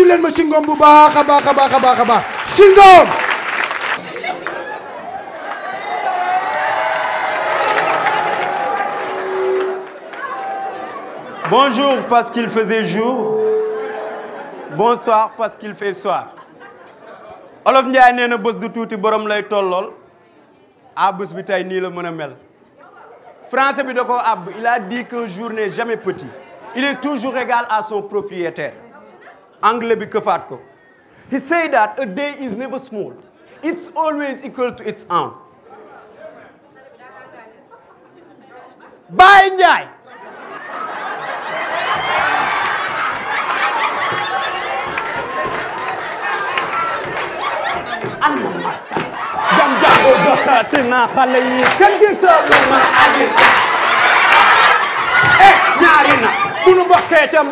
tàccu leen ma singoom bu baax a baax a baax a baax a baax singoom Bonjour parce qu'il faisait jour bonsoir parce qu'il fait soir olof Njaay nee na bés du tuuti borom lay tollool à ah, bës bi tay nii la mën a mel français bi da ko àbb il a dit qu'un jour n'est jamais petit il est toujours égal à son propriétaire anglais bi këfaat ko he say that a day is never small it's always equal to its hour Baye Ndiaye anna jam jàppo oh, jotaati naa xale yi kan gi sooluma aji eh ñaari na bu nu bokkee ca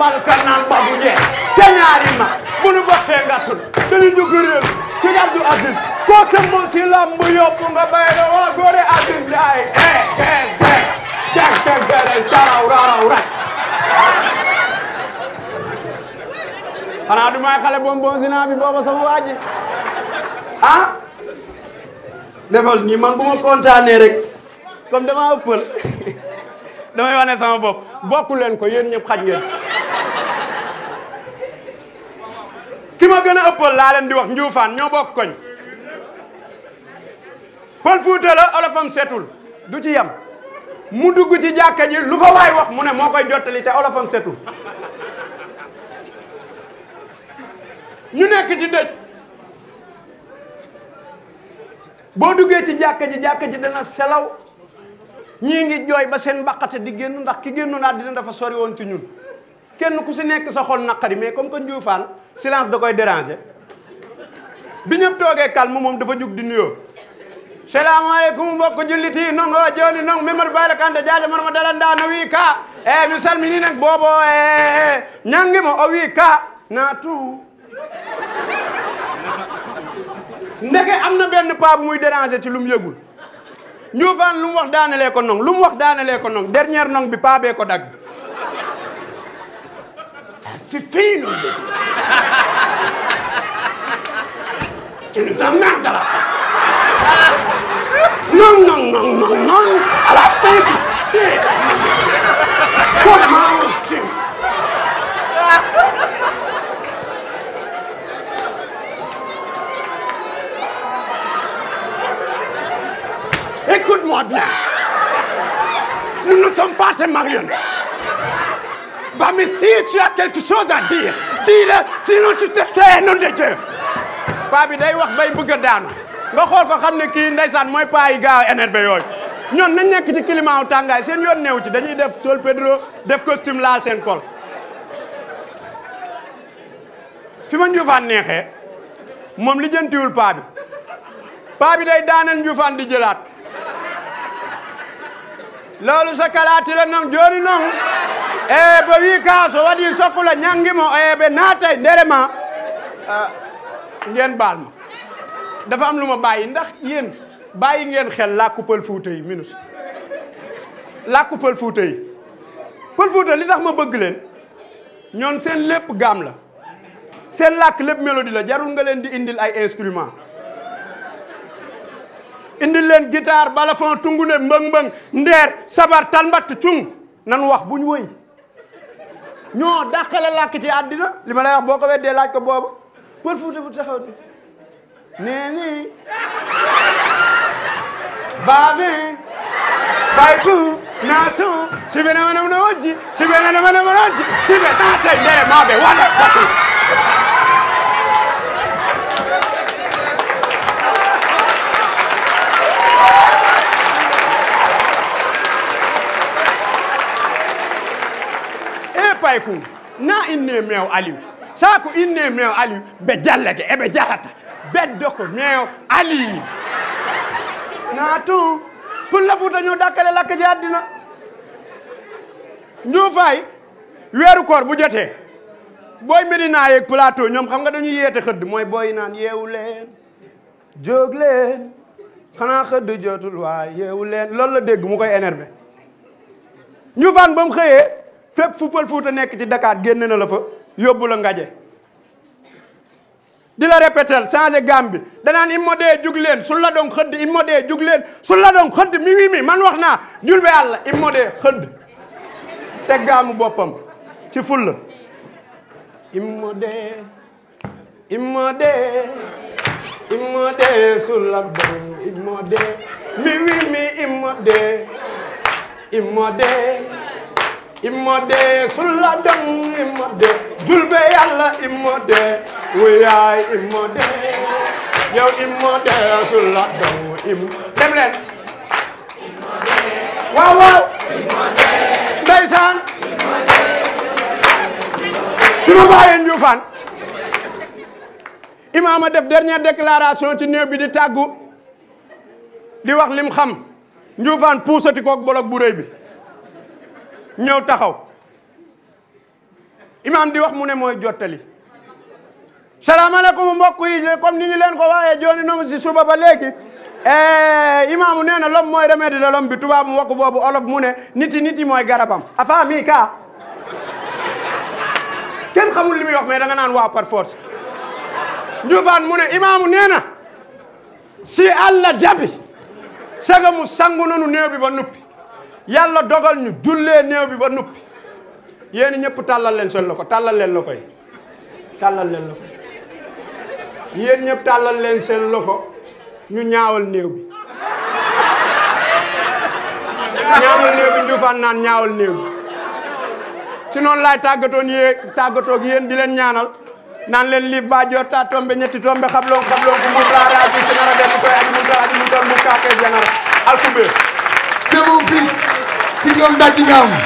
naan babu jeex ca ñaari ma bu nu bokkee ngàttul dañu dugg réew ci ngàttu addin koo sëmbu ci lamb yóbbu nga bay da wala góore addin laay ee ee ee jag jag beral jaraw raaraw raj xanaa du may xale bonbon si naa bi booba sama waa ji ah defal nii man bu ma kontaanee rek comme dama ëppal damay wane sama bopp bokku leen ko yéen ñëpp xaj ngeen ki ma gën a ëppal laa leen di wax njuufaan ñoo bokk koñ pël fuuta la olofam setul du ci yam mu dugg ci jàkka ji lu fa waay wax mu ne moo koy jottali te olofam setul ñu nekk ci dëj boo duggee ci jàkka ji jàkka ji dana selaw ñii ngi jooy ba seen mbaqate di génn ndax ki génnoon àddina dafa sori woon ci ñun kenn ku si nekk sa xol naqari mais comme que njuufaan silence da koy déranger bi ñëpp toogee calme moom dafa jug di nuyoo salaamaaleykum mbokk jullit yi nongo jooni nong memar bayla kante jaaja marma dalanda no wii ka e eh, mi salmini nag boobo e eh, eh, ñangimo o wii ka na tu ndeke am na benn paa bu muy déranger ci lu mu yëgul njuufaan lu mu wax daanalee ko nong lu mu wax daanalee ko nong dernière nong bi paa ko dagg fini nos bêtises. tu nous emmerdes à la fin. non, non, non, non, non, à la fin tu Comment tu Écoute-moi bien. Nous ne sommes pas tes marionnettes. Bah, mais si tu as quelque chose à dire, dis-le, sinon tu te tais, nom de Dieu. paa day wax bay bëgg a daanu nga xool ko xam ne kii ndeysaan mooy paa yi gaaw énervé yooyu ñoon nañ nekk ci climat wu tàngaay seen yoon neew ci dañuy def tool pedro def costume laal seen kol fi ma njuufaan neexee moom li jëntiwul paa bi bi day daaneel njuufaan di jëlaat loolu sa kalaati la nam jooni noonu e bo wi ka so waɗi sokkula ñangimo e ɓe naata e ndere ah, ngeen baal ma dafa am lu ma bàyyi ndax yéen bàyyi ngeen xel làkku pël fuuta yi minute làkku pël fuuta pël fuuta li dax ma bëgg leen ñoon seen lépp gaam la seen làkk lépp mélodie la jarul nga leen di indil ay instrument indil leen guitare balafon tungune mbëng mbëng ndeer sabar talmbat cung nanu wax buñ woy ñoo dàqale làkk ci àddina li ma lay wax boo ko weddee laaj ko boobu pël fuuta bu taxaw ni nee ni baabi baytu naatu sibe na ma na ma na wajji sibe na ma na ma na wajji sibe taatay ndee maa be wala satu faykun na inne mew aliou sako inne mew aliou ɓe jallake eɓe jahata beddo ko mew aliyi na tu pulla fuuta ñoo dakkale lakka ji addina njuufaay weeru koor bu jotee booy Medina yeeg plateau ñoom xam nga dañuy yeete xëdd mooy booy naan yeewu leen jóg leen xanaa xëdd jotul waay yeewu leen loolu la dégg mu koy énervé ñu fan ba mu fépp fu Fuuta nekk ci dakaar génn na la fa yóbbu la ngaje di la répéter changé gamme bi danaan il ma dee jug leen su la doon xëdd il jug leen su la doon xëdd mi wi mi man wax naa jul be yàlla il ma dee immode sulla dam immode julbe yalla immode wuyaay immode yow immode sulla dam im dem leen waaw waaw ndeysaan sunu bàyyi Ndioufane imaam a def dernière déclaration ci néew bi di tàggu di wax lim xam Ndioufane puusati koog bolog bu rëy bi ñëw taxaw imaam di wax mu ne mooy jottali salaamaaleykum mbokk yi comme ni ñu leen ko waxee jooni noonu si suba ba léegi eh, imaamu nee na l'homme mooy remède de l'homme bi tubaabu wakk boobu olof mu ne niti niti mooy garabam afa mi ka kenn xamul li muy wax mais da nga naan waa par force njuufaan mu ne imaamu nee na si allah jabi saga mu sangu nanu néew ba nuppi yàlla dogal ñu jullee néew bi ba nuppi yéen ñëpp tàllal leen seen loxo tàllal leen loxo yi tàllal leen loxo yéen ñëpp tàllal leen seen loko ñu ñaawal néew bi ñaawal néew bi Ndioufane naan ñaawal néew bi ci noonu laay tàggatoon yee tàggatoog yéen di leen ñaanal naan leen lii ba joor ta tombe ñetti tombe xabloon xabloon ku mbur raaraasi senara dem koy adi mun ta adi mun ta mu kaakee janara alkubee c'est mon fils si ñoom dajji nga am